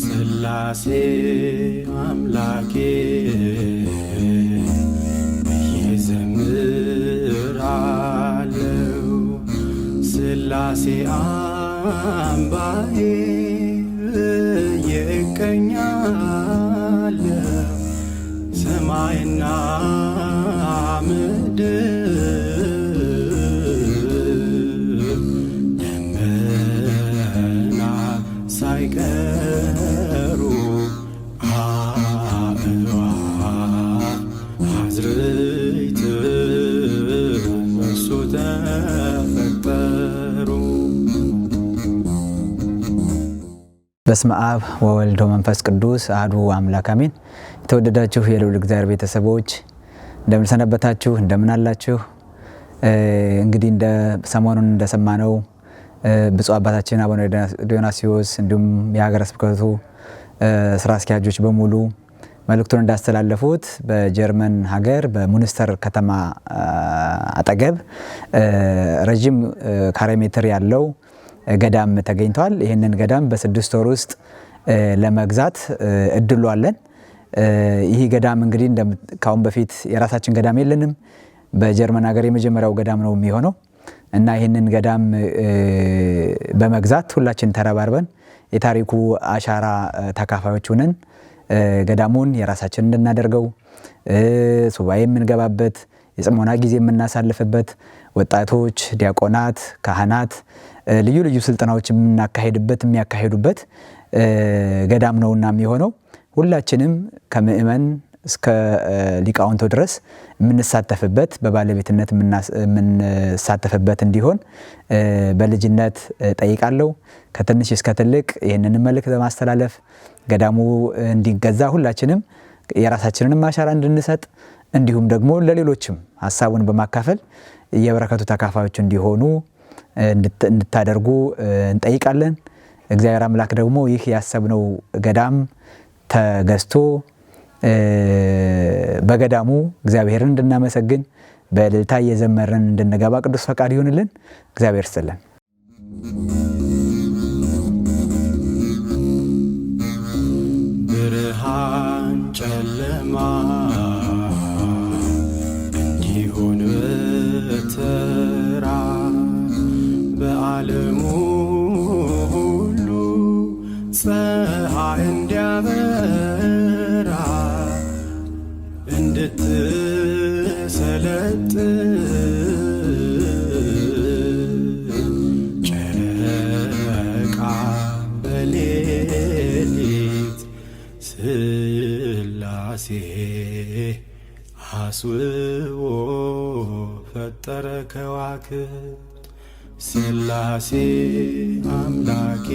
ስላሴ አምላኬ እዘምራለው ስላሴ አምባዬ የቀኛለ በስመ አብ ወወልድ ወመንፈስ ቅዱስ አሐዱ አምላክ አሜን። የተወደዳችሁ የልዑል እግዚአብሔር ቤተሰቦች እንደምን ሰነበታችሁ? እንደምን አላችሁ? እንግዲህ እንደ ሰሞኑን እንደሰማነው ብፁዕ አባታችን አቡነ ዲዮናስዮስ እንዲሁም የሀገረ ስብከቱ ስራ አስኪያጆች በሙሉ መልእክቱን እንዳስተላለፉት በጀርመን ሀገር በሙኒስተር ከተማ አጠገብ ረዥም ካሬ ሜትር ያለው ገዳም ተገኝተዋል። ይህንን ገዳም በስድስት ወር ውስጥ ለመግዛት እድሉ አለን። ይህ ገዳም እንግዲህ ካሁን በፊት የራሳችን ገዳም የለንም። በጀርመን ሀገር የመጀመሪያው ገዳም ነው የሚሆነው እና ይህንን ገዳም በመግዛት ሁላችን ተረባርበን የታሪኩ አሻራ ተካፋዮች ሁነን ገዳሙን የራሳችን እንድናደርገው ሱባኤ የምንገባበት የጽሞና ጊዜ የምናሳልፍበት ወጣቶች፣ ዲያቆናት፣ ካህናት ልዩ ልዩ ስልጠናዎች የምናካሄድበት የሚያካሄዱበት ገዳም ነውና የሚሆነው ሁላችንም ከምእመን እስከ ሊቃውንቶ ድረስ የምንሳተፍበት በባለቤትነት የምንሳተፍበት እንዲሆን በልጅነት ጠይቃለሁ። ከትንሽ እስከ ትልቅ ይህንን መልእክት በማስተላለፍ ገዳሙ እንዲገዛ ሁላችንም የራሳችንንም አሻራ እንድንሰጥ እንዲሁም ደግሞ ለሌሎችም ሀሳቡን በማካፈል የበረከቱ ተካፋዮች እንዲሆኑ እንድታደርጉ እንጠይቃለን። እግዚአብሔር አምላክ ደግሞ ይህ ያሰብነው ገዳም ተገዝቶ በገዳሙ እግዚአብሔርን እንድናመሰግን በእልልታ እየዘመርን እንድንገባ ቅዱስ ፈቃድ ይሁንልን። እግዚአብሔር ስለን ብርሃን ጨለማ ዓለሙ ሁሉ ፀሐይ እንዲያበራ እንድትሰለጥ ጨረቃ በሌሊት ስላሴ አስውቦ ፈጠረ ከዋክብት ስላሴ አምላኬ